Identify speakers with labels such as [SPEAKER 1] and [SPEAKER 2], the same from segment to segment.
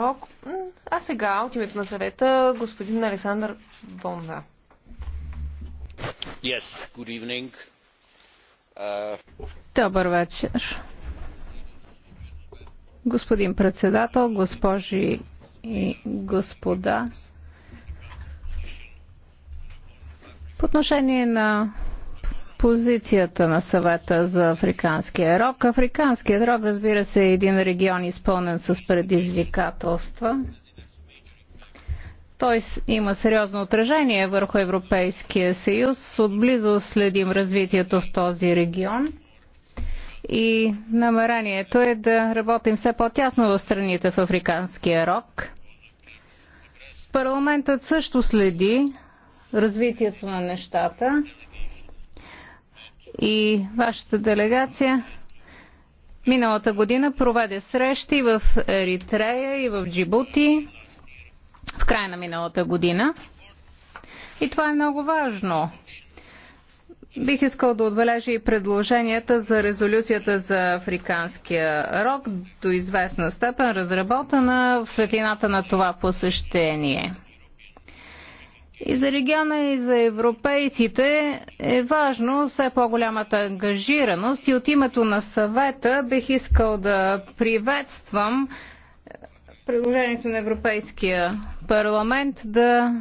[SPEAKER 1] Рок. А сега, от името на съвета, господин Александър Бонда.
[SPEAKER 2] Yes, good evening. Uh...
[SPEAKER 3] Добър вечер. Господин председател, госпожи и господа, по отношение на позицията на съвета за африканския рок. Африканският рок, разбира се, е един регион изпълнен с предизвикателства. Той има сериозно отражение върху Европейския съюз. Отблизо следим развитието в този регион и намерението е да работим все по-тясно в страните в Африканския рок. Парламентът също следи развитието на нещата и вашата делегация миналата година проведе срещи в Еритрея и в Джибути в края на миналата година. И това е много важно. Бих искал да отбележа и предложенията за резолюцията за африканския рок, до известна степен разработена в светлината на това посещение. И за региона, и за европейците е важно все по-голямата ангажираност и от името на съвета бих искал да приветствам предложението на Европейския парламент да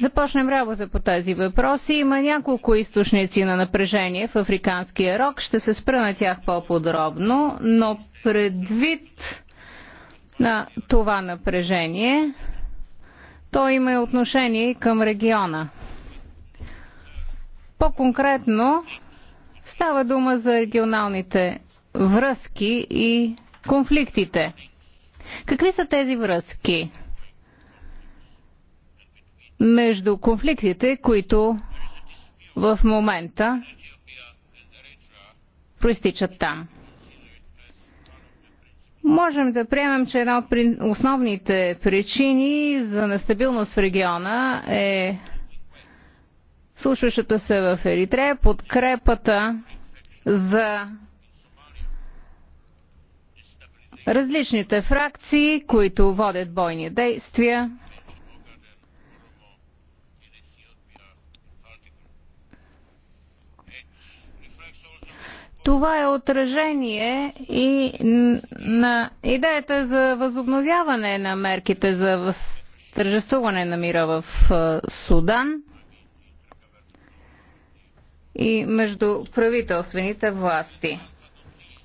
[SPEAKER 3] започнем работа по тези въпроси. Има няколко източници на напрежение в африканския рок. Ще се спра на тях по-подробно, но предвид на това напрежение той има и отношение към региона. По-конкретно става дума за регионалните връзки и конфликтите. Какви са тези връзки между конфликтите, които в момента проистичат там? Можем да приемем, че една от основните причини за нестабилност в региона е слушащата се в Еритрея, подкрепата за различните фракции, които водят бойни действия Това е отражение и на идеята за възобновяване на мерките за възтържествуване на мира в Судан и между правителствените власти.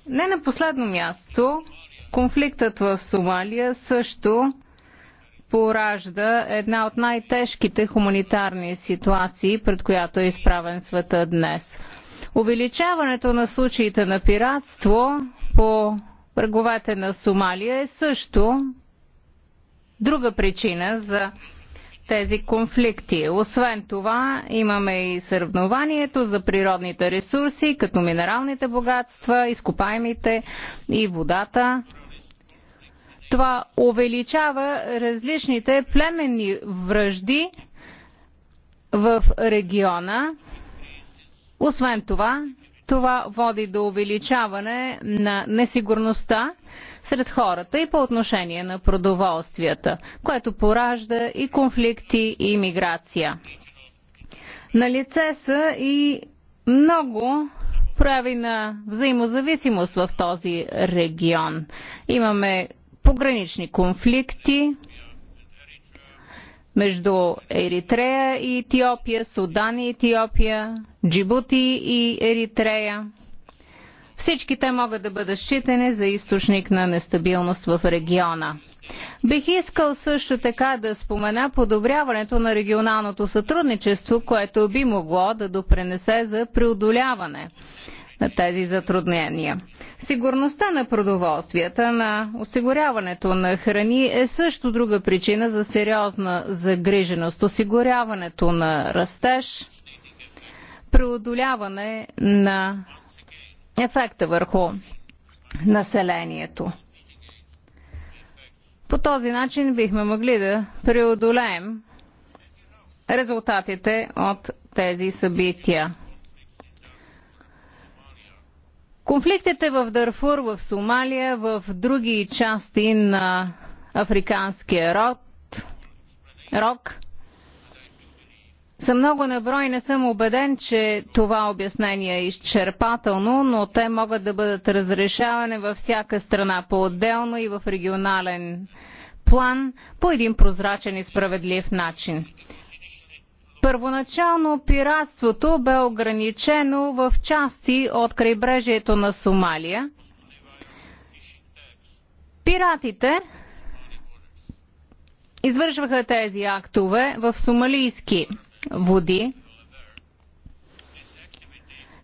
[SPEAKER 3] Не на последно място, конфликтът в Сомалия също поражда една от най-тежките хуманитарни ситуации, пред която е изправен света днес. Увеличаването на случаите на пиратство по бърговете на Сомалия е също друга причина за тези конфликти. Освен това, имаме и съревнованието за природните ресурси, като минералните богатства, изкопаемите и водата. Това увеличава различните племенни връжди в региона освен това, това води до увеличаване на несигурността сред хората и по отношение на продоволствията, което поражда и конфликти и миграция. На лице са и много прояви на взаимозависимост в този регион. Имаме погранични конфликти, между Еритрея и Етиопия, Судан и Етиопия, Джибути и Еритрея. Всички те могат да бъдат считани за източник на нестабилност в региона. Бих искал също така да спомена подобряването на регионалното сътрудничество, което би могло да допренесе за преодоляване на тези затруднения. Сигурността на продоволствията, на осигуряването на храни е също друга причина за сериозна загриженост. Осигуряването на растеж, преодоляване на ефекта върху населението. По този начин бихме могли да преодолеем резултатите от тези събития. Конфликтите в Дарфур, в Сомалия, в други части на африканския род, рок, са много наброй и не съм убеден, че това обяснение е изчерпателно, но те могат да бъдат разрешавани във всяка страна по-отделно и в регионален план по един прозрачен и справедлив начин. Първоначално пиратството бе ограничено в части от крайбрежието на Сомалия. Пиратите извършваха тези актове в сомалийски води.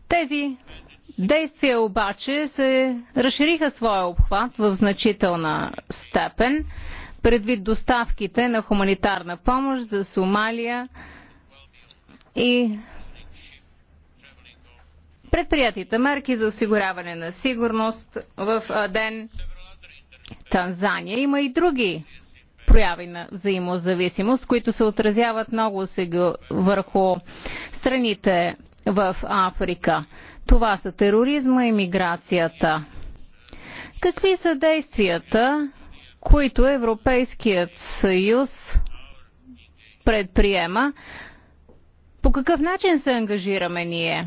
[SPEAKER 3] Тези действия обаче се разшириха своя обхват в значителна степен предвид доставките на хуманитарна помощ за Сомалия, и предприятите мерки за осигуряване на сигурност в ден Танзания. Има и други прояви на взаимозависимост, които се отразяват много сега върху страните в Африка. Това са тероризма и миграцията. Какви са действията, които Европейският съюз предприема по какъв начин се ангажираме ние?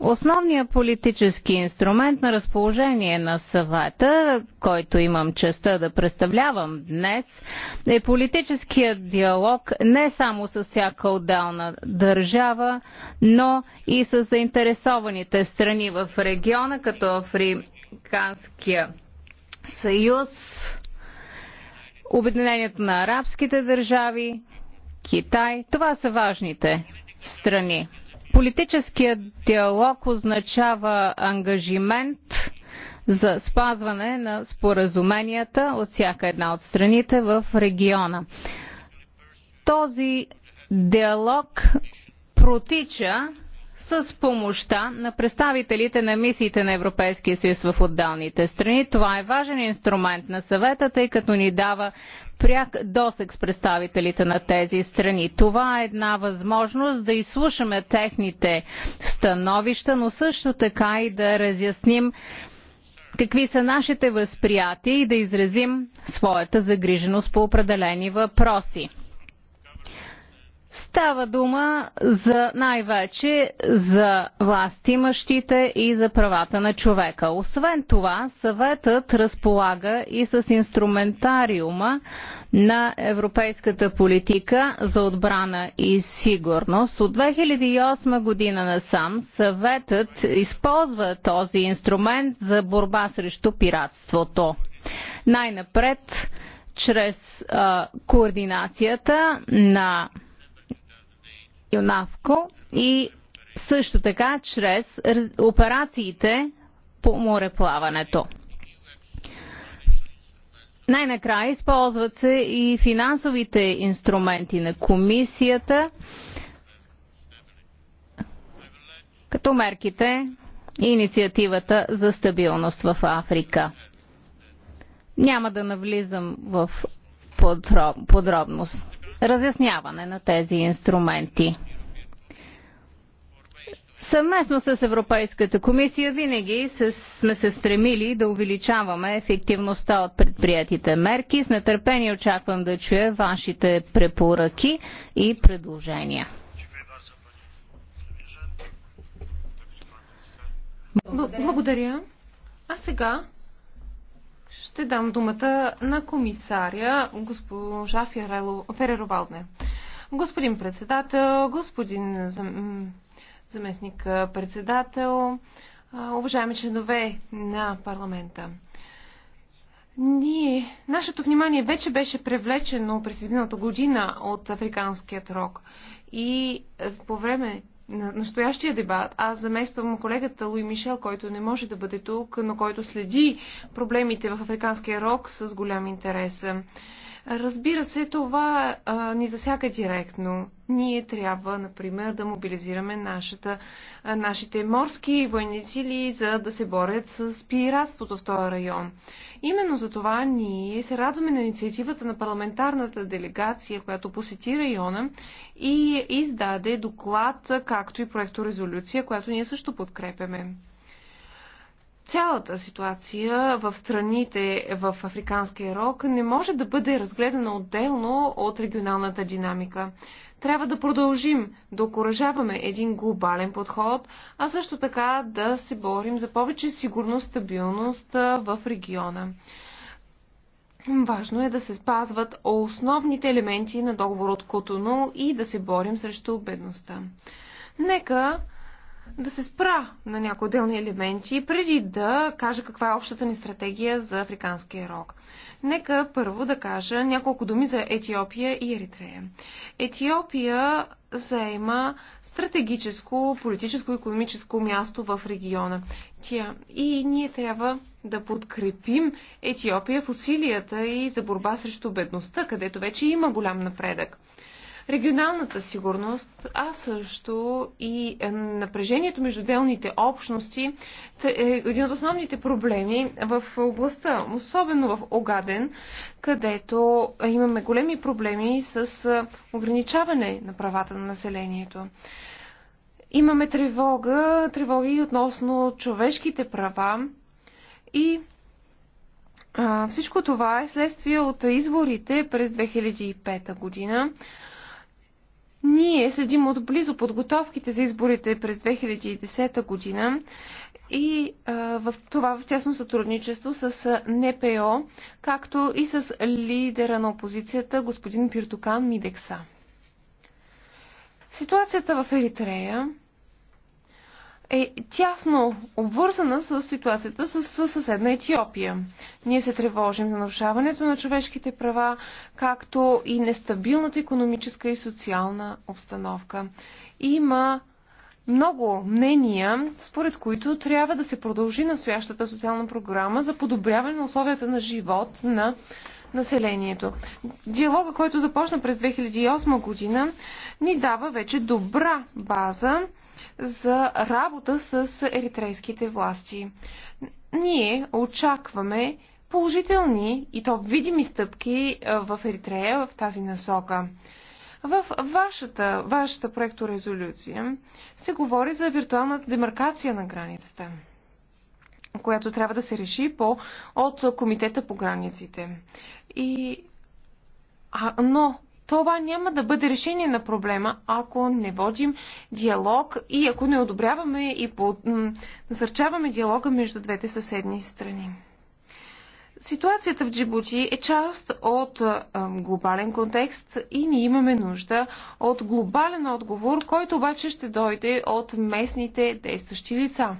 [SPEAKER 3] Основният политически инструмент на разположение на съвета, който имам честа да представлявам днес, е политическият диалог не само с всяка отделна държава, но и с заинтересованите страни в региона, като Африканския съюз, Обединението на арабските държави, Китай. Това са важните страни. Политическият диалог означава ангажимент за спазване на споразуменията от всяка една от страните в региона. Този диалог протича с помощта на представителите на мисиите на Европейския съюз в отдалните страни. Това е важен инструмент на съвета, тъй като ни дава пряк досек с представителите на тези страни. Това е една възможност да изслушаме техните становища, но също така и да разясним какви са нашите възприятия и да изразим своята загриженост по определени въпроси. Става дума за най-вече за властимащите и за правата на човека. Освен това, съветът разполага и с инструментариума на европейската политика за отбрана и сигурност. От 2008 година насам съветът използва този инструмент за борба срещу пиратството. Най-напред чрез а, координацията на ЮНАВКО и също така чрез операциите по мореплаването. Най-накрая използват се и финансовите инструменти на комисията, като мерките и инициативата за стабилност в Африка. Няма да навлизам в подробност разясняване на тези инструменти. Съвместно с Европейската комисия винаги сме се стремили да увеличаваме ефективността от предприятите мерки. С нетърпение очаквам да чуя вашите препоръки и предложения. Благодаря.
[SPEAKER 1] А сега ще дам думата на комисаря госпожа Фереро Валдне. Господин председател, господин заместник председател, уважаеми членове на парламента. Ние, нашето внимание вече беше привлечено през едината година от африканският рок. И по време на настоящия дебат. Аз замествам колегата Луи Мишел, който не може да бъде тук, но който следи проблемите в Африканския рок с голям интерес. Разбира се, това а, ни засяга директно. Ние трябва, например, да мобилизираме нашата, а, нашите морски военни сили, за да се борят с пиратството в този район. Именно за това ние се радваме на инициативата на парламентарната делегация, която посети района и издаде доклад, както и резолюция, която ние също подкрепяме цялата ситуация в страните в Африканския рок не може да бъде разгледана отделно от регионалната динамика. Трябва да продължим да окоръжаваме един глобален подход, а също така да се борим за повече сигурност, стабилност в региона. Важно е да се спазват основните елементи на договор от Котону и да се борим срещу бедността. Нека да се спра на някои отделни елементи, преди да кажа каква е общата ни стратегия за африканския рок. Нека първо да кажа няколко думи за Етиопия и Еритрея. Етиопия заема стратегическо, политическо и економическо място в региона. Тя и ние трябва да подкрепим Етиопия в усилията и за борба срещу бедността, където вече има голям напредък. Регионалната сигурност, а също и е, напрежението между делните общности е един от основните проблеми в областта, особено в Огаден, където имаме големи проблеми с е, ограничаване на правата на населението. Имаме тревога, тревоги относно човешките права и а, всичко това е следствие от изворите през 2005 година, ние следим отблизо подготовките за изборите през 2010 година и а, в това в тясно сътрудничество с НПО, както и с лидера на опозицията господин Пиртокан Мидекса. Ситуацията в Еритрея е тясно обвързана с ситуацията с съседна Етиопия. Ние се тревожим за нарушаването на човешките права, както и нестабилната економическа и социална обстановка. Има много мнения, според които трябва да се продължи настоящата социална програма за подобряване на условията на живот на населението. Диалога, който започна през 2008 година, ни дава вече добра база за работа с еритрейските власти. Ние очакваме положителни и то видими стъпки е, в Еритрея в тази насока. В вашата, вашата проекторезолюция се говори за виртуалната демаркация на границата, която трябва да се реши по, от Комитета по границите. И, а, но това няма да бъде решение на проблема, ако не водим диалог и ако не одобряваме и насърчаваме диалога между двете съседни страни. Ситуацията в Джибути е част от глобален контекст и ние имаме нужда от глобален отговор, който обаче ще дойде от местните действащи лица.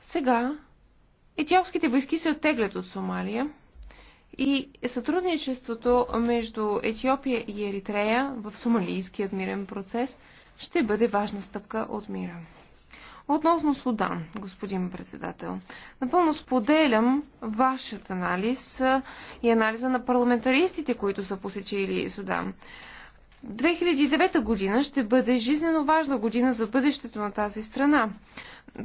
[SPEAKER 1] Сега етиопските войски се оттеглят от Сомалия и сътрудничеството между Етиопия и Еритрея в сомалийският мирен процес ще бъде важна стъпка от мира. Относно Судан, господин председател, напълно споделям вашият анализ и анализа на парламентаристите, които са посетили Судан. 2009 година ще бъде жизнено важна година за бъдещето на тази страна.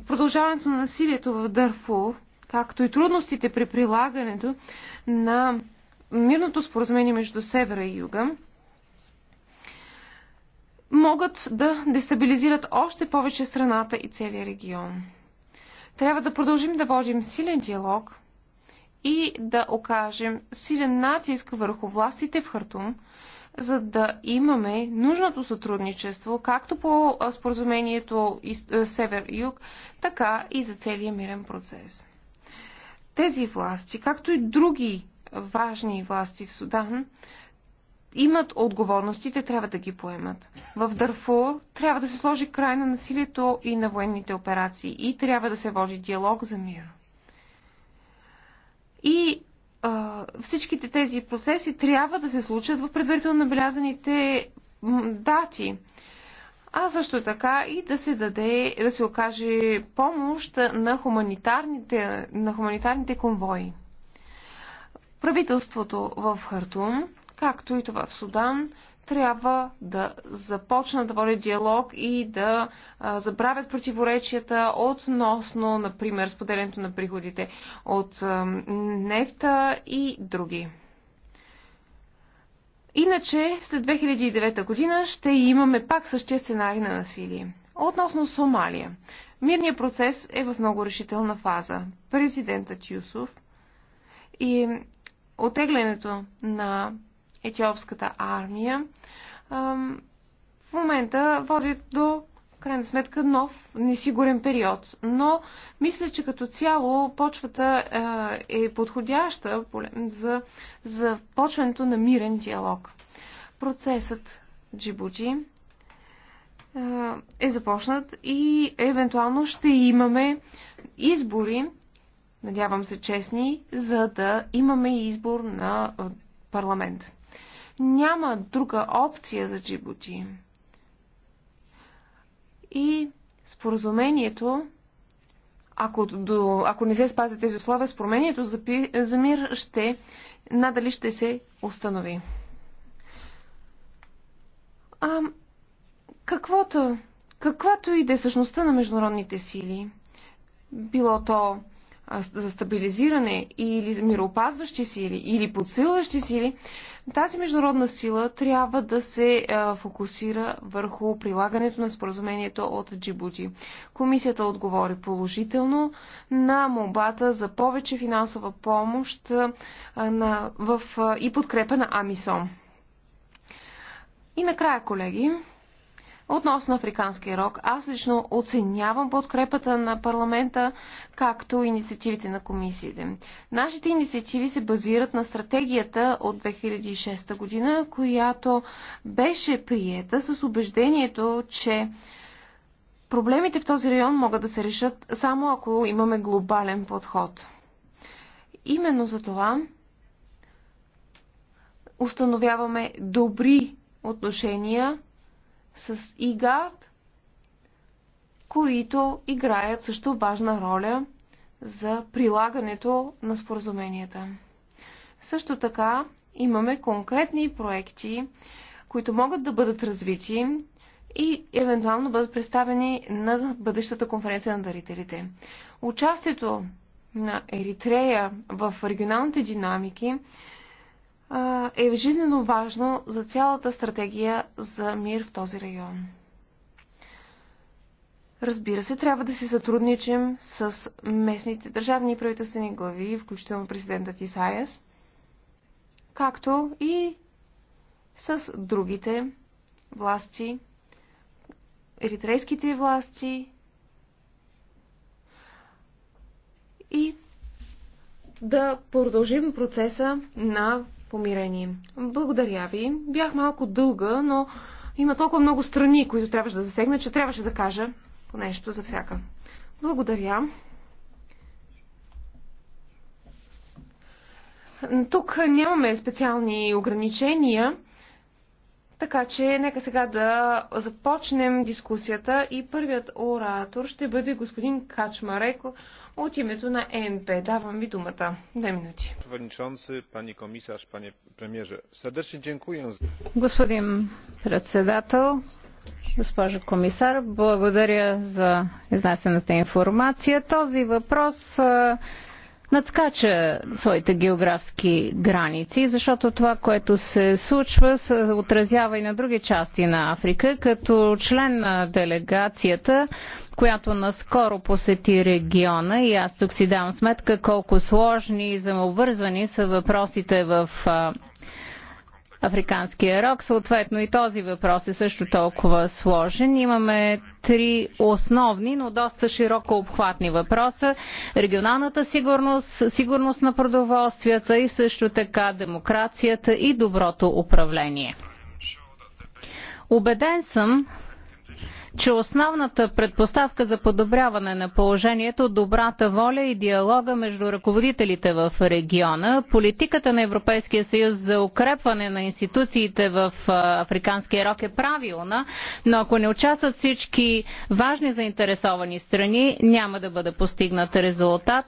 [SPEAKER 1] Продължаването на насилието в Дарфур както и трудностите при прилагането на мирното споразумение между Севера и Юга, могат да дестабилизират още повече страната и целия регион. Трябва да продължим да водим силен диалог и да окажем силен натиск върху властите в Хартум, за да имаме нужното сътрудничество, както по споразумението Север-Юг, така и за целия мирен процес. Тези власти, както и други важни власти в Судан, имат отговорности, те трябва да ги поемат. В Дарфур трябва да се сложи край на насилието и на военните операции и трябва да се води диалог за мир. И а, всичките тези процеси трябва да се случат в предварително набелязаните дати а също така и да се даде, да се окаже помощ на хуманитарните, на хуманитарните конвои. Правителството в Хартум, както и това в Судан, трябва да започнат да водят диалог и да а, забравят противоречията относно, например, споделянето на приходите от а, нефта и други. Иначе след 2009 година ще имаме пак същия сценарий на насилие. Относно Сомалия. Мирният процес е в много решителна фаза. Президентът Юсов и отеглянето на етиопската армия в момента водят до крайна сметка нов, несигурен период. Но мисля, че като цяло почвата е, е подходяща за, за почването на мирен диалог. Процесът Джибути е, е започнат и евентуално ще имаме избори, надявам се честни, за да имаме избор на е, парламент. Няма друга опция за Джибути. И споразумението, ако, до, ако не се спазят тези условия, споразумението за, за мир ще надали ще се установи. А каквото, каквато и да е същността на международните сили, било то за стабилизиране или мироопазващи сили, или подсилващи сили, тази международна сила трябва да се фокусира върху прилагането на споразумението от Джибути. Комисията отговори положително на мобата за повече финансова помощ на, в, и подкрепа на Амисом. И накрая, колеги, Относно африканския рок, аз лично оценявам подкрепата на парламента, както инициативите на комисиите. Нашите инициативи се базират на стратегията от 2006 година, която беше приета с убеждението, че проблемите в този район могат да се решат само ако имаме глобален подход. Именно за това установяваме добри отношения с ИГАРД, които играят също важна роля за прилагането на споразуменията. Също така имаме конкретни проекти, които могат да бъдат развити и евентуално бъдат представени на бъдещата конференция на дарителите. Участието на Еритрея в регионалните динамики е жизненно важно за цялата стратегия за мир в този район. Разбира се, трябва да си сътрудничим с местните държавни и правителствени глави, включително президентът Исаяс, както и с другите власти, еритрейските власти и да продължим процеса на помирение. Благодаря ви. Бях малко дълга, но има толкова много страни, които трябваше да засегна, че трябваше да кажа по нещо за всяка. Благодаря. Тук нямаме специални ограничения, така че нека сега да започнем дискусията и първият оратор ще бъде господин Качмареко. От името на ЕНП давам ви думата. Две минути. Господин председател,
[SPEAKER 3] госпожа комисар, благодаря за изнесената информация. Този въпрос надскача своите географски граници, защото това, което се случва, се отразява и на други части на Африка. Като член на делегацията, която наскоро посети региона и аз тук си давам сметка колко сложни и замобързани са въпросите в африканския рок. Съответно и този въпрос е също толкова сложен. Имаме три основни, но доста широко обхватни въпроса. Регионалната сигурност, сигурност на продоволствията и също така демокрацията и доброто управление. Убеден съм, че основната предпоставка за подобряване на положението добрата воля и диалога между ръководителите в региона, политиката на Европейския съюз за укрепване на институциите в Африканския рок е правилна, но ако не участват всички важни заинтересовани страни, няма да бъде постигнат резултат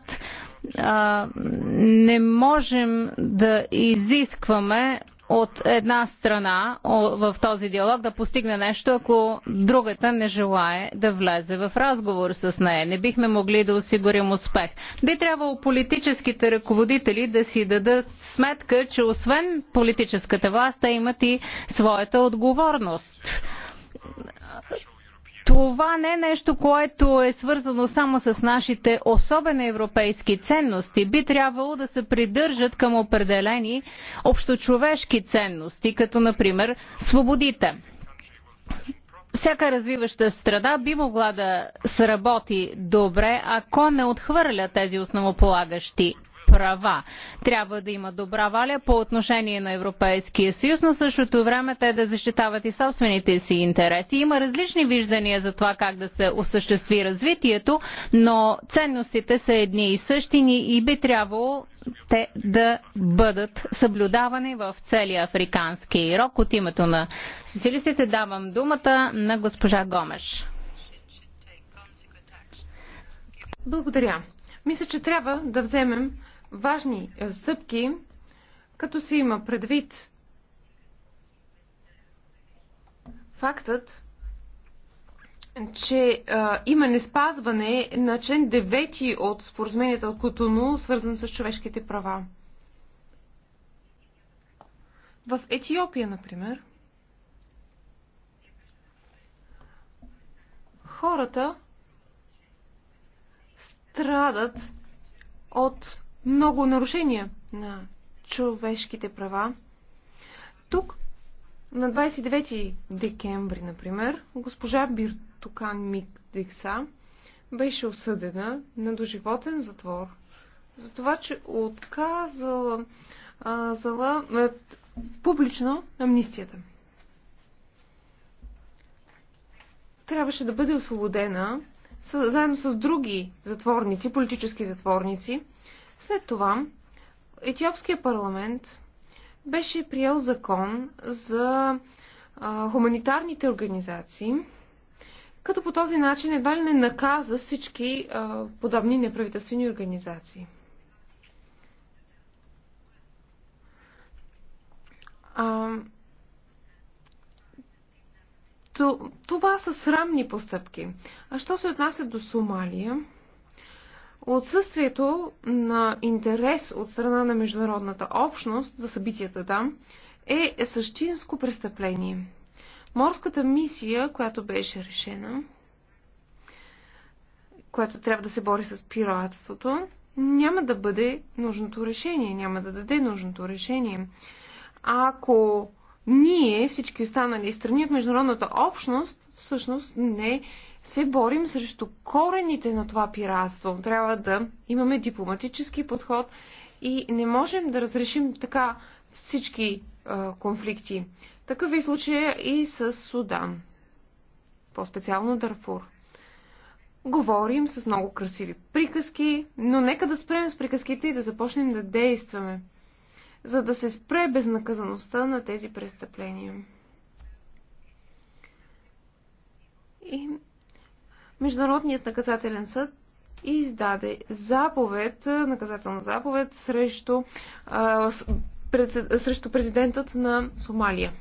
[SPEAKER 3] не можем да изискваме от една страна в този диалог да постигне нещо, ако другата не желае да влезе в разговор с нея. Не бихме могли да осигурим успех. Би трябвало политическите ръководители да си дадат сметка, че освен политическата власт, те имат и своята отговорност това не е нещо, което е свързано само с нашите особени европейски ценности. Би трябвало да се придържат към определени общочовешки ценности, като например свободите всяка развиваща страда би могла да сработи добре, ако не отхвърля тези основополагащи права. Трябва да има добра валя по отношение на Европейския съюз, но същото време те да защитават и собствените си интереси. Има различни виждания за това как да се осъществи развитието, но ценностите са едни и същи и би трябвало те да бъдат съблюдавани в целия африкански рок. От името на социалистите давам думата
[SPEAKER 1] на госпожа Гомеш. Благодаря. Мисля, че трябва да вземем важни е, стъпки, като се има предвид фактът, че а, има неспазване на член 9 от споразумението от Котону, свързан с човешките права. В Етиопия, например, хората страдат от много нарушения на човешките права. Тук на 29 декември, например, госпожа Биртокан Микдекса беше осъдена на доживотен затвор за това, че отказала а, зала, а, публично амнистията. Трябваше да бъде освободена с, заедно с други затворници, политически затворници, след това Етиопския парламент беше приел закон за а, хуманитарните организации, като по този начин едва ли не наказа всички а, подобни неправителствени организации. А, то, това са срамни постъпки. А що се отнася до Сомалия? Отсъствието на интерес от страна на международната общност за събитията там е същинско престъпление. Морската мисия, която беше решена, която трябва да се бори с пиратството, няма да бъде нужното решение, няма да даде нужното решение. Ако ние, всички останали страни от международната общност, всъщност не се борим срещу корените на това пиратство. Трябва да имаме дипломатически подход и не можем да разрешим така всички а, конфликти. Такъв е случай и с Судан, по-специално Дарфур. Говорим с много красиви приказки, но нека да спрем с приказките и да започнем да действаме, за да се спре безнаказаността на тези престъпления. И Международният наказателен съд издаде заповед, наказателна заповед срещу, срещу президентът на Сомалия.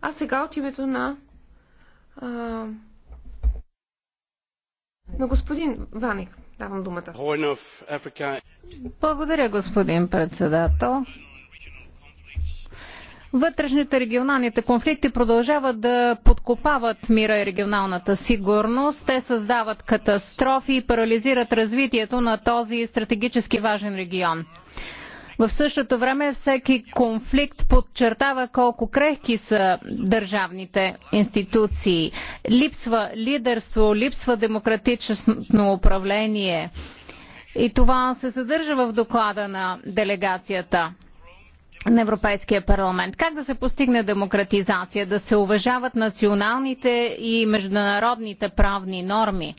[SPEAKER 1] А сега от името на на господин Ваник давам думата. Благодаря,
[SPEAKER 3] господин председател. Вътрешните регионалните конфликти продължават да подкопават мира и регионалната сигурност. Те създават катастрофи и парализират развитието на този стратегически важен регион. В същото време всеки конфликт подчертава колко крехки са държавните институции. Липсва лидерство, липсва демократично управление. И това се съдържа в доклада на делегацията на Европейския парламент. Как да се постигне демократизация, да се уважават националните и международните правни норми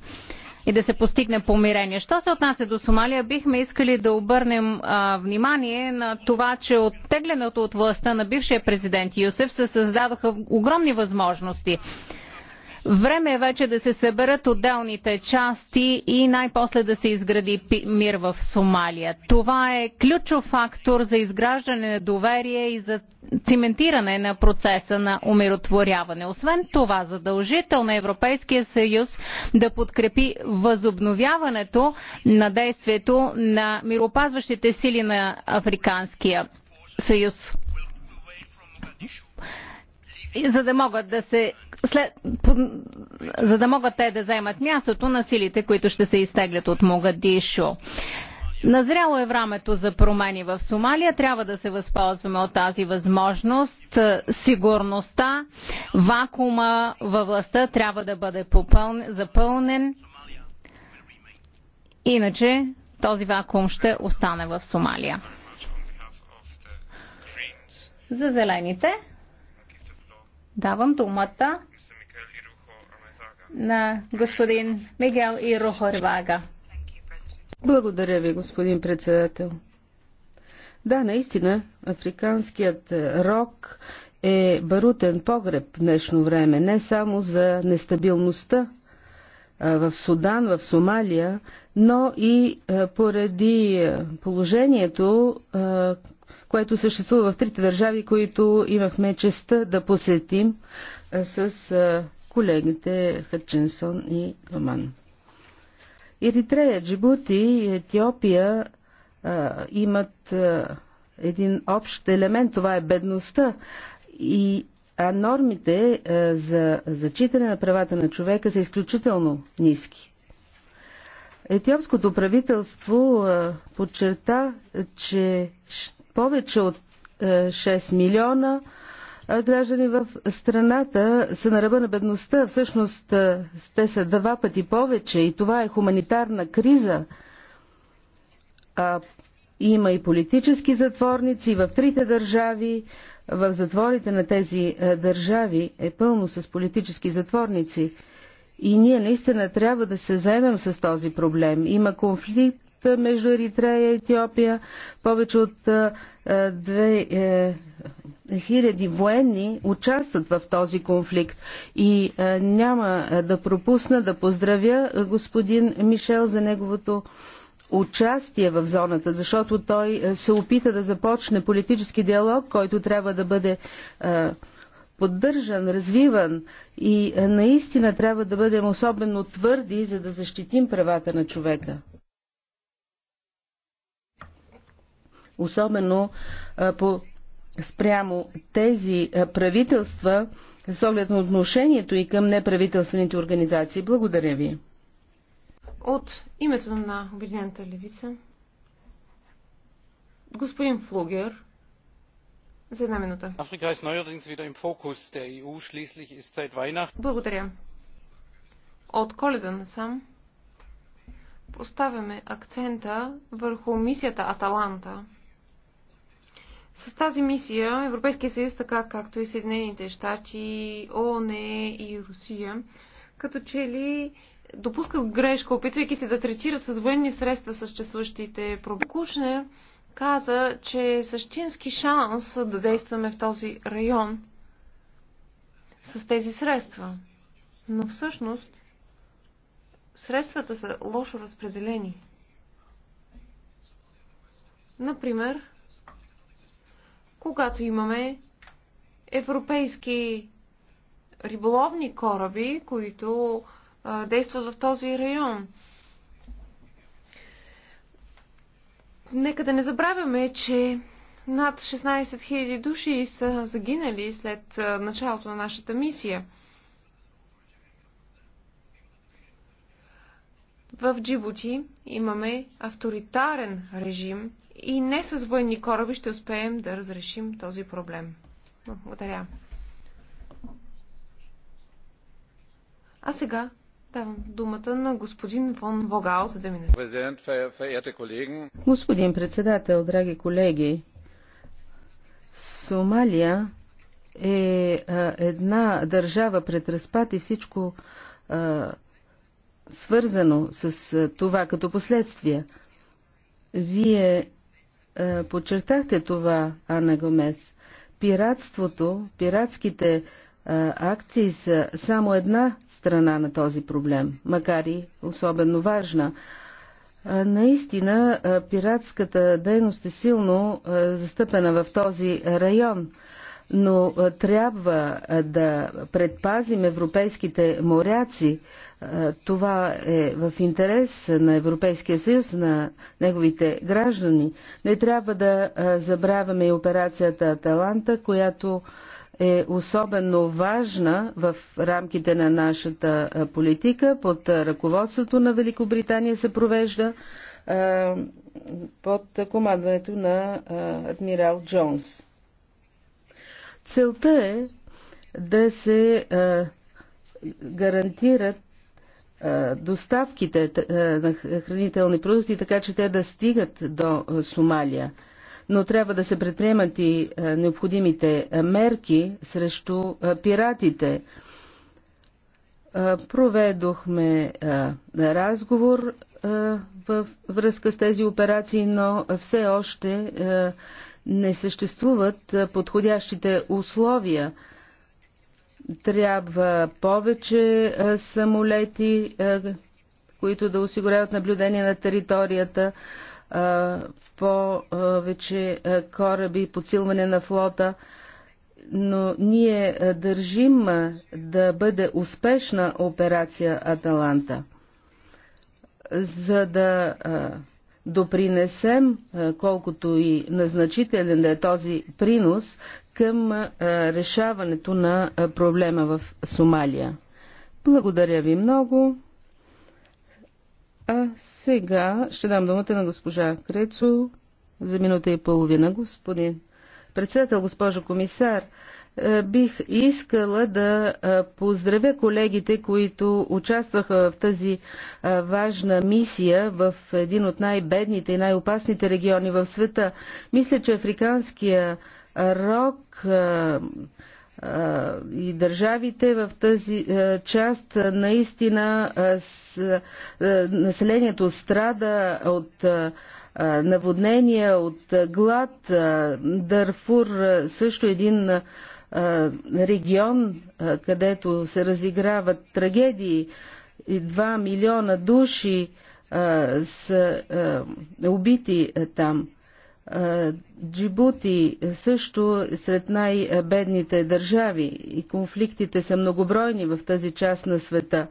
[SPEAKER 3] и да се постигне помирение. Що се отнася до Сомалия, бихме искали да обърнем а, внимание на това, че оттеглянето от властта на бившия президент Юсеф се създадоха огромни възможности Време е вече да се съберат отделните части и най-после да се изгради мир в Сомалия. Това е ключов фактор за изграждане на доверие и за циментиране на процеса на умиротворяване. Освен това, задължително е Европейския съюз да подкрепи възобновяването на действието на миропазващите сили на Африканския съюз за да могат да се след, за да могат те да вземат мястото на силите, които ще се изтеглят от Могадишо. Назряло е времето за промени в Сомалия. Трябва да се възползваме от тази възможност. Сигурността, вакуума във властта трябва да бъде попълнен, запълнен. Иначе този вакуум ще остане в Сомалия. За зелените давам думата на господин Мигел Иро Хорвага.
[SPEAKER 2] Благодаря ви, господин председател. Да, наистина, африканският рок е барутен погреб в днешно време, не само за нестабилността в Судан, в Сомалия, но и поради положението, което съществува в трите държави, които имахме честа да посетим с колегите Хътчинсон и Гаман. Еритрея, Джибути и Етиопия а, имат а, един общ елемент, това е бедността. И а нормите а, за зачитане на правата на човека са изключително ниски. Етиопското правителство а, подчерта, че повече от а, 6 милиона а, граждани в страната са на ръба на бедността. Всъщност те са два пъти повече и това е хуманитарна криза. А, има и политически затворници в трите държави. В затворите на тези държави е пълно с политически затворници. И ние наистина трябва да се заемем с този проблем. Има конфликт между Еритрея и Етиопия. Повече от две е, хиляди военни участват в този конфликт и е, няма е, да пропусна да поздравя е, господин Мишел за неговото участие в зоната, защото той се опита да започне политически диалог, който трябва да бъде поддържан, развиван и наистина трябва да бъдем особено твърди, за да защитим правата на човека. Особено по спрямо тези е, правителства с оглед на отношението и към неправителствените организации. Благодаря ви.
[SPEAKER 1] От името на Обединената левица, господин Флугер, за една минута. Е Благодаря. От коледа насам поставяме акцента върху мисията Аталанта – с тази мисия Европейския съюз, така както и Съединените щати, ООН и Русия, като че ли допускат грешка, опитвайки се да третират с военни средства съществуващите проблеми. Кушнер каза, че е същински шанс да действаме в този район с тези средства. Но всъщност средствата са лошо разпределени. Например, когато имаме европейски риболовни кораби, които а, действат в този район. Нека да не забравяме, че над 16 000 души са загинали след началото на нашата мисия – В Джибути имаме авторитарен режим и не с военни кораби ще успеем да разрешим този проблем. Благодаря. А сега давам думата на господин Фон Вогал за да мине.
[SPEAKER 2] Господин председател, драги колеги, Сомалия е една държава пред разпад и всичко свързано с това като последствия. Вие е, подчертахте това, Анна Гомес. Пиратството, пиратските е, акции са само една страна на този проблем, макар и особено важна. Наистина, пиратската дейност е силно застъпена в този район но трябва да предпазим европейските моряци. Това е в интерес на Европейския съюз, на неговите граждани. Не трябва да забравяме и операцията Аталанта, която е особено важна в рамките на нашата политика. Под ръководството на Великобритания се провежда под командването на адмирал Джонс. Целта е да се гарантират доставките на хранителни продукти, така че те да стигат до Сомалия. Но трябва да се предприемат и необходимите мерки срещу пиратите. Проведохме разговор във връзка с тези операции, но все още не съществуват подходящите условия. Трябва повече самолети, които да осигуряват наблюдение на територията, повече кораби, подсилване на флота но ние държим да бъде успешна операция Аталанта, за да допринесем, е, колкото и назначителен да е този принос, към е, решаването на е, проблема в Сомалия. Благодаря ви много. А сега ще дам думата на госпожа Крецо за минута и половина, господин. Председател, госпожо комисар, е, бих искала да е, поздравя колегите, които участваха в тази е, важна мисия в един от най-бедните и най-опасните региони в света. Мисля, че африканския рок и държавите в тази част наистина населението страда от наводнения, от глад. Дарфур също един регион, където се разиграват трагедии, 2 милиона души са убити там. Джибути също сред най-бедните държави и конфликтите са многобройни в тази част на света.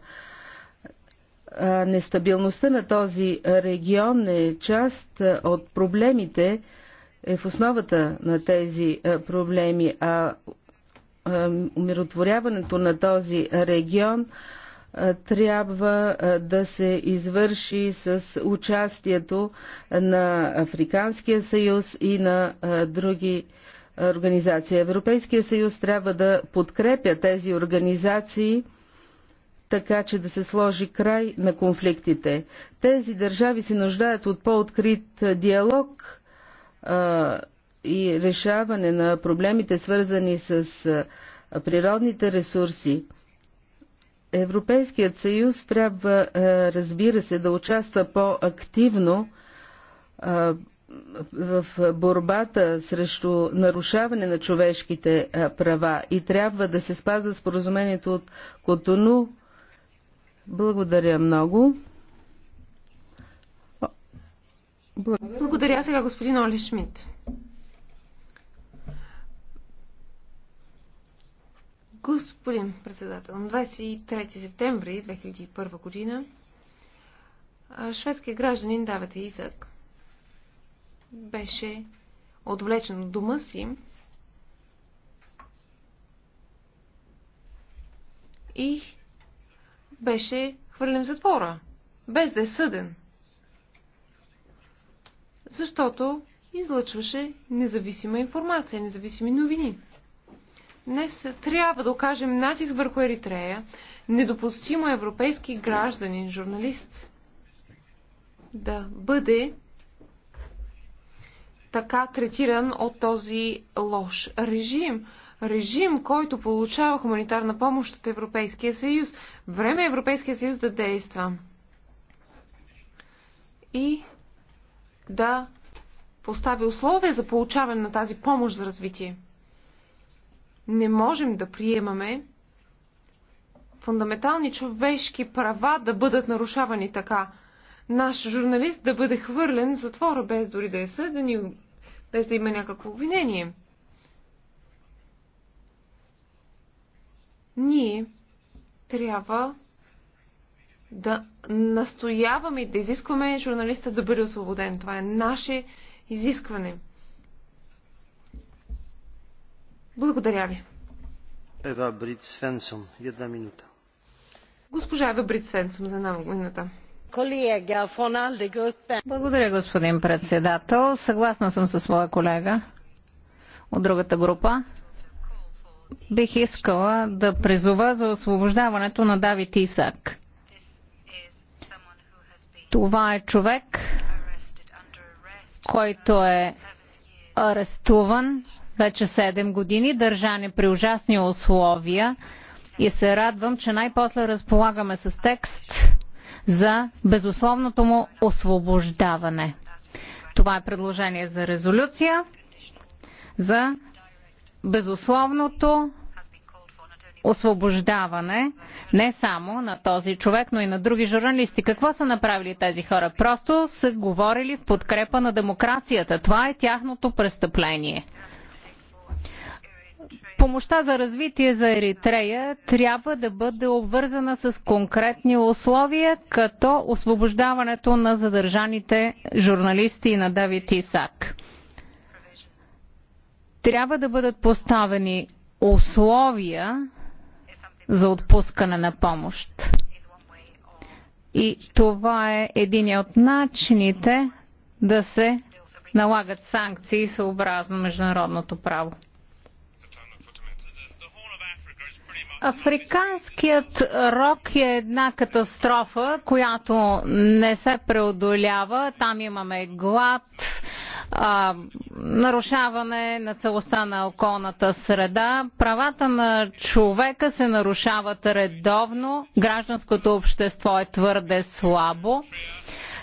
[SPEAKER 2] Нестабилността на този регион е част от проблемите, е в основата на тези проблеми, а умиротворяването на този регион трябва да се извърши с участието на Африканския съюз и на други организации. Европейския съюз трябва да подкрепя тези организации, така че да се сложи край на конфликтите. Тези държави се нуждаят от по-открит диалог и решаване на проблемите, свързани с природните ресурси, Европейският съюз трябва, разбира се, да участва по-активно в борбата срещу нарушаване на човешките права и трябва да се спазва споразумението от Котону. Благодаря много. Благодаря сега господин Оли Шмидт.
[SPEAKER 1] Господин председател, на 23 септември 2001 година шведският гражданин Давид Изък беше отвлечен от дома си и беше хвърлен в затвора, без да е съден, защото излъчваше независима информация, независими новини – Днес трябва да окажем натиск върху Еритрея. Недопустимо европейски гражданин, журналист, да бъде така третиран от този лош режим. Режим, който получава хуманитарна помощ от Европейския съюз. Време е Европейския съюз да действа. И да постави условия за получаване на тази помощ за развитие не можем да приемаме фундаментални човешки права да бъдат нарушавани така. Наш журналист да бъде хвърлен в затвора, без дори да е съден и без да има някакво обвинение. Ние трябва да настояваме и да изискваме журналиста да бъде освободен. Това е наше изискване. Благодаря ви. Ева Брит Свенсон, една минута. Госпожа Ева Брит Свенсон за една минута.
[SPEAKER 3] Благодаря, господин председател. Съгласна съм със своя колега от другата група. Бих искала да призова за освобождаването на Давид Исак. Това е човек, който е арестуван вече 7 години, държани при ужасни условия и се радвам, че най-после разполагаме с текст за безусловното му освобождаване. Това е предложение за резолюция за безусловното освобождаване не само на този човек, но и на други журналисти. Какво са направили тези хора? Просто са говорили в подкрепа на демокрацията. Това е тяхното престъпление помощта за развитие за Еритрея трябва да бъде обвързана с конкретни условия, като освобождаването на задържаните журналисти на Давид Исак. Трябва да бъдат поставени условия за отпускане на помощ. И това е един от начините да се налагат санкции съобразно международното право. Африканският рок е една катастрофа, която не се преодолява. Там имаме глад, а, нарушаване на целостта на околната среда. Правата на човека се нарушават редовно. Гражданското общество е твърде слабо.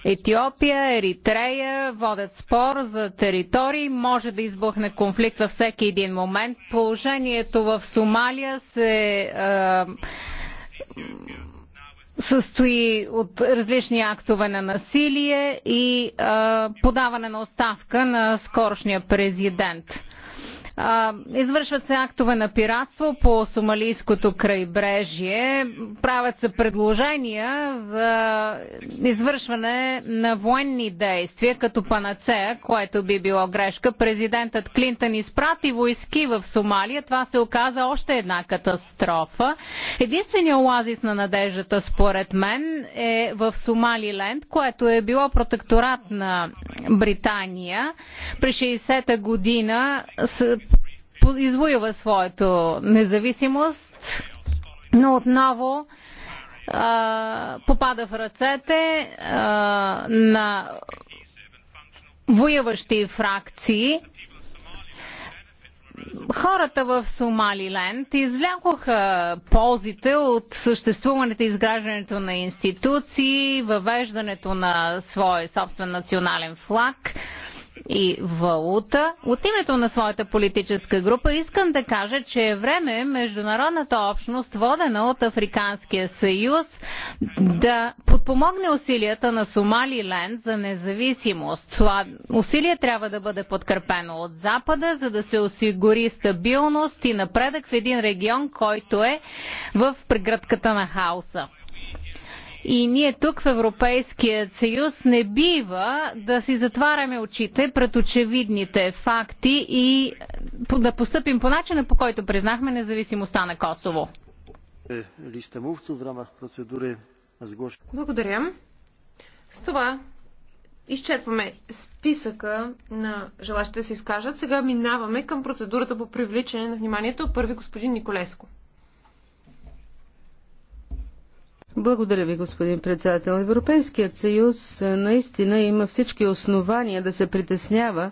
[SPEAKER 3] Етиопия, Еритрея водят спор за територии. Може да избухне конфликт във всеки един момент. Положението в Сомалия се. състои от различни актове на насилие и а, подаване на оставка на скорошния президент. А, извършват се актове на пиратство по сомалийското крайбрежие. Правят се предложения за извършване на военни действия като панацея, което би било грешка. Президентът Клинтън изпрати войски в Сомалия. Това се оказа още една катастрофа. Единственият оазис на надеждата, според мен, е в Сомалиленд, което е било протекторат на Британия. През 60-та година извоюва своето независимост, но отново а, попада в ръцете а, на воюващи фракции. Хората в Сомалиленд извлякоха ползите от съществуването и изграждането на институции, въвеждането на своя собствен национален флаг – и валута. От името на своята политическа група искам да кажа, че е време международната общност, водена от Африканския съюз, да подпомогне усилията на Сомали Ленд за независимост. Това усилие трябва да бъде подкрепено от Запада, за да се осигури стабилност и напредък в един регион, който е в прегръдката на хаоса. И ние тук в Европейският съюз не бива да си затваряме очите пред очевидните факти и е, да поступим по начина, по който признахме независимостта на Косово.
[SPEAKER 2] Е,
[SPEAKER 1] Благодаря. С това изчерпваме списъка на желащите да се изкажат. Сега минаваме към процедурата по привличане на вниманието. Първи господин Николеско.
[SPEAKER 2] Благодаря ви, господин председател. Европейският съюз е, наистина има всички основания да се притеснява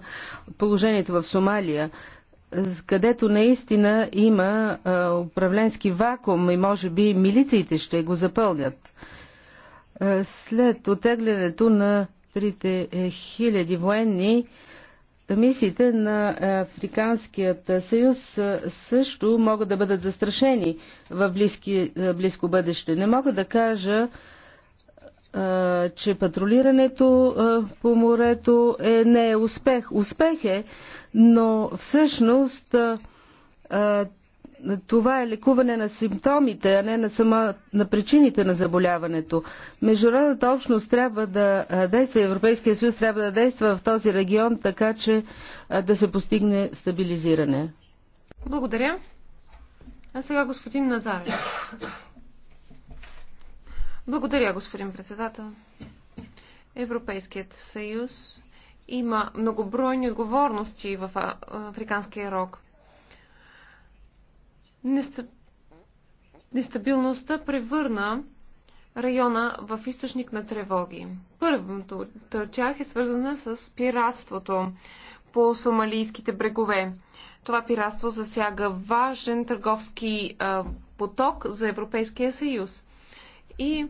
[SPEAKER 2] положението в Сомалия, където наистина има е, управленски вакуум и може би милициите ще го запълнят. Е, след отеглянето на трите хиляди военни, Мисиите на Африканският съюз също могат да бъдат застрашени в близки, близко бъдеще. Не мога да кажа, че патрулирането по морето е, не е успех. Успех е, но всъщност това е лекуване на симптомите, а не на, сама, на причините на заболяването. Международната общност трябва да действа, Европейския съюз трябва да действа в този регион, така че да се постигне стабилизиране.
[SPEAKER 1] Благодаря. А сега господин Назар. Благодаря, господин председател. Европейският съюз има многобройни отговорности в Африканския рог – Нестабилността превърна района в източник на тревоги. Първото от тях е свързана с пиратството по сомалийските брегове. Това пиратство засяга важен търговски поток за Европейския съюз. И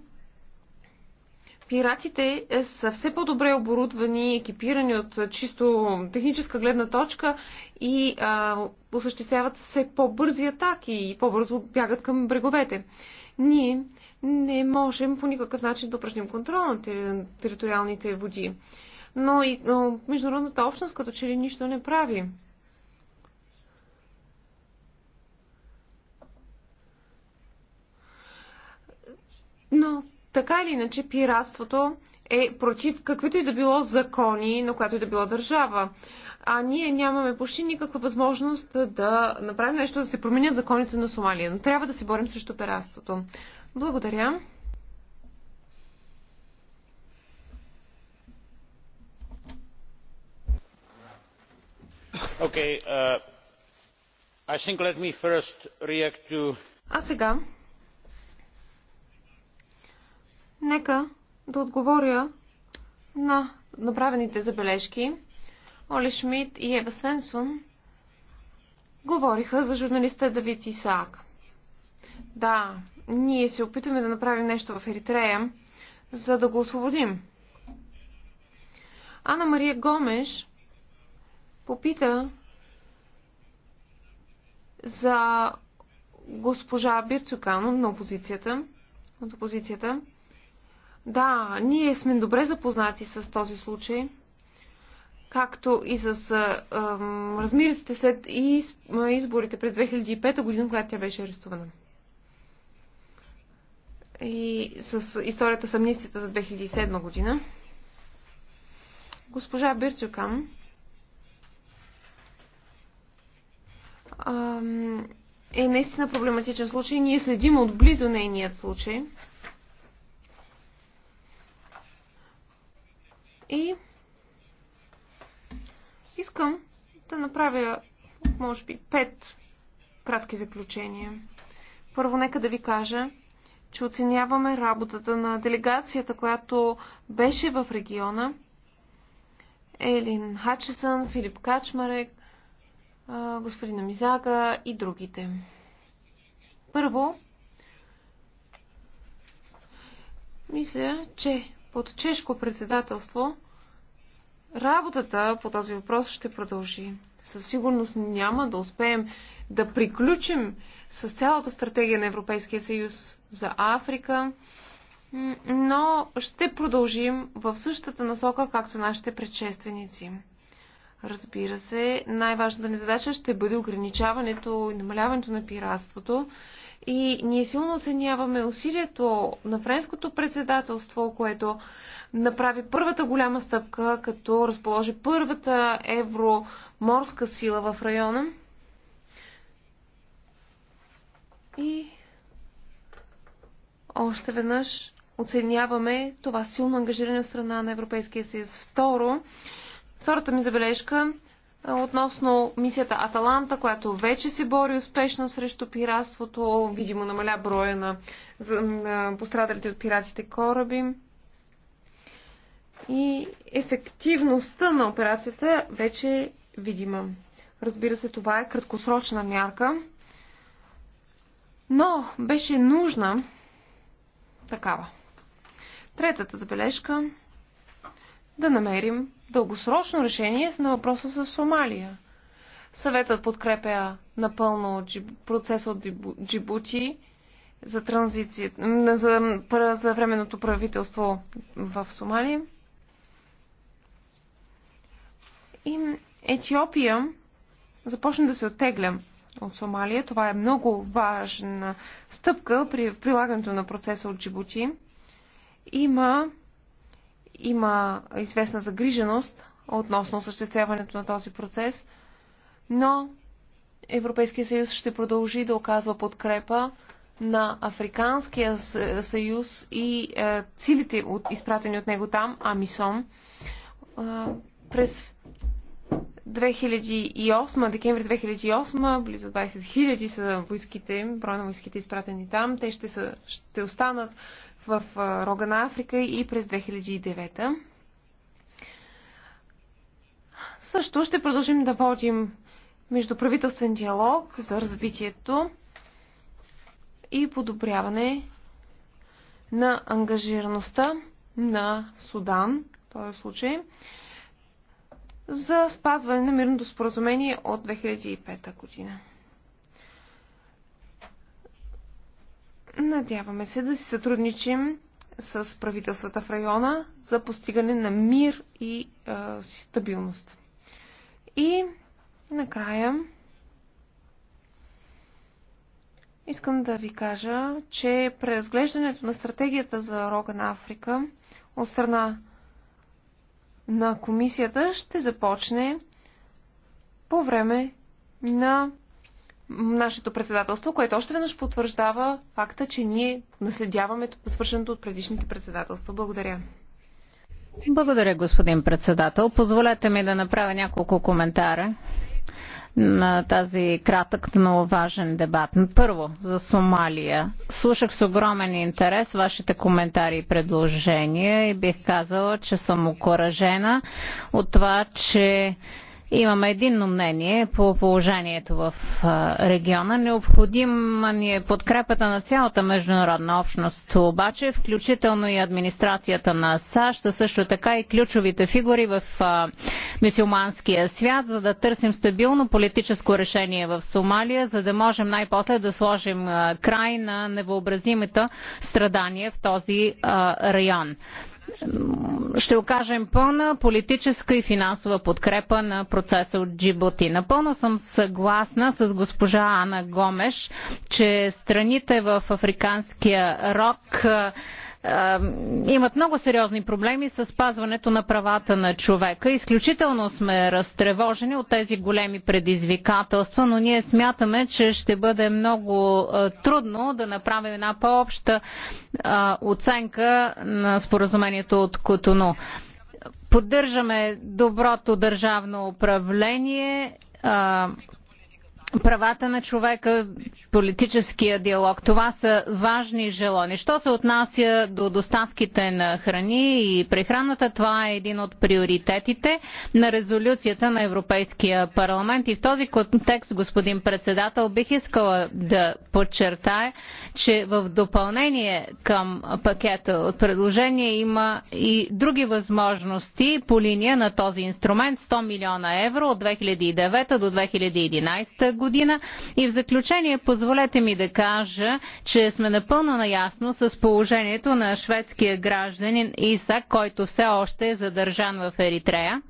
[SPEAKER 1] пиратите е, са все по-добре оборудвани, екипирани от е, чисто техническа гледна точка и а, осъществяват все по-бързи атаки и по-бързо бягат към бреговете. Ние не можем по никакъв начин да упражним контрол на териториалните води. Но и но международната общност като че ли нищо не прави. Но така или иначе пиратството е против каквито и да било закони, на която и да било държава. А ние нямаме почти никаква възможност да направим нещо, да се променят законите на Сомалия. Но трябва да се борим срещу пиратството. Благодаря.
[SPEAKER 2] Okay, uh,
[SPEAKER 3] I think let me first react to...
[SPEAKER 1] А сега Нека да отговоря на направените забележки. Оле Шмидт и Ева Свенсон говориха за журналиста Давид Исаак. Да, ние се опитваме да направим нещо в Еритрея, за да го освободим. Ана Мария Гомеш попита за госпожа Бирцукано на опозицията, от опозицията. Да, ние сме добре запознати с този случай, както и с размириците след изборите през 2005 година, когато тя беше арестувана. И с историята с амнистията за 2007 година. Госпожа Бирцюкам. е наистина проблематичен случай. Ние следим отблизо нейният случай. И искам да направя, може би, пет кратки заключения. Първо, нека да ви кажа, че оценяваме работата на делегацията, която беше в региона. Елин Хачесън, Филип Качмарек, господина Мизага и другите. Първо, мисля, че под чешко председателство работата по този въпрос ще продължи. Със сигурност няма да успеем да приключим с цялата стратегия на Европейския съюз за Африка, но ще продължим в същата насока, както нашите предшественици. Разбира се, най-важната ни задача ще бъде ограничаването и намаляването на пиратството и ние силно оценяваме усилието на френското председателство, което направи първата голяма стъпка, като разположи първата евроморска сила в района. И още веднъж оценяваме това силно ангажиране от страна на Европейския съюз. Второ, втората ми забележка относно мисията Аталанта, която вече се бори успешно срещу пиратството, видимо намаля броя на, на пострадалите от пиратите кораби. И ефективността на операцията вече е видима. Разбира се, това е краткосрочна мярка, но беше нужна такава. Третата забележка да намерим дългосрочно решение е на въпроса с Сомалия. Съветът подкрепя напълно процеса от Джибути за, транзиция, за, за временното правителство в Сомалия. И Етиопия започна да се оттегля от Сомалия. Това е много важна стъпка при прилагането на процеса от Джибути. Има има известна загриженост относно осъществяването на този процес, но Европейския съюз ще продължи да оказва подкрепа на Африканския съюз и е, силите, от, изпратени от него там, Амисом, е, през 2008, декември 2008, близо 20 000 са войските, броя на войските изпратени там. Те ще, са, ще останат в рога на Африка и през 2009. Също ще продължим да водим междуправителствен диалог за развитието и подобряване на ангажираността на Судан, в този е случай, за спазване на мирното споразумение от 2005 година. Надяваме се да си сътрудничим с правителствата в района за постигане на мир и е, стабилност. И накрая искам да ви кажа, че преразглеждането на стратегията за рога на Африка от страна на комисията ще започне по време на нашето председателство, което още веднъж потвърждава факта, че ние наследяваме свършеното от предишните председателства. Благодаря.
[SPEAKER 3] Благодаря, господин председател. Позволете ми да направя няколко коментара на тази кратък, но важен дебат. Първо, за Сомалия. Слушах с огромен интерес вашите коментари и предложения и бих казала, че съм окоръжена от това, че Имаме единно мнение по положението в региона. Необходима ни е подкрепата на цялата международна общност, обаче, включително и администрацията на САЩ, а също така и ключовите фигури в мисюманския свят, за да търсим стабилно политическо решение в Сомалия, за да можем най-после да сложим край на невъобразимите страдания в този район ще окажем пълна политическа и финансова подкрепа на процеса от Джибути. Напълно съм съгласна с госпожа Ана Гомеш, че страните в Африканския рок е, имат много сериозни проблеми с спазването на правата на човека. Изключително сме разтревожени от тези големи предизвикателства, но ние смятаме, че ще бъде много е, трудно да направим една по-обща е, оценка на споразумението от Котоно. Поддържаме доброто държавно управление, правата на човека, политическия диалог. Това са важни желони. Що се отнася до доставките на храни и прехраната, това е един от приоритетите на резолюцията на Европейския парламент. И в този контекст, господин председател, бих искала да подчертая, че в допълнение към пакета от предложения има и други възможности по линия на този инструмент 100 милиона евро от 2009 до 2011 година година. И в заключение позволете ми да кажа, че сме напълно наясно с положението на шведския гражданин Исак, който все още е задържан в Еритрея.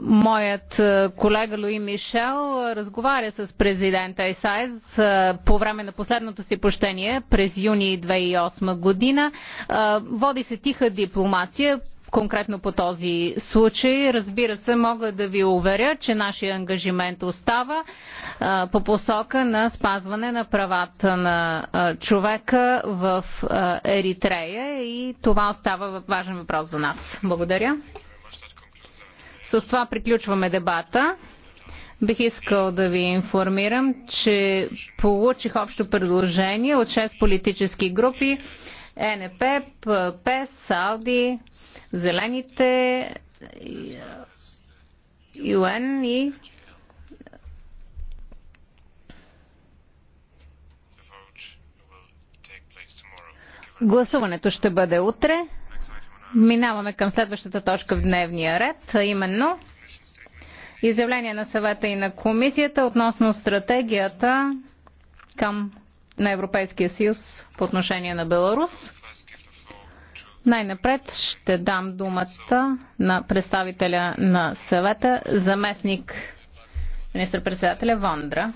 [SPEAKER 3] Моят е, колега Луи Мишел разговаря с президента Исайз е, по време на последното си пощение през юни 2008 година. Е, води се тиха дипломация, конкретно по този случай. Разбира се, мога да ви уверя, че нашия ангажимент остава а, по посока на спазване на правата на а, човека в а, Еритрея и това остава важен въпрос за нас. Благодаря. С това приключваме дебата. Бих искал да ви информирам, че получих общо предложение от 6 политически групи ЕНП, ПЕС, САУДИ, Зелените,
[SPEAKER 2] ЮН
[SPEAKER 3] и Гласуването ще бъде утре. Минаваме към следващата точка в дневния ред, а именно изявление на съвета и на комисията относно стратегията към на Европейския съюз по отношение на Беларус. Най-напред ще дам думата на представителя на съвета, заместник министър-председателя Вондра.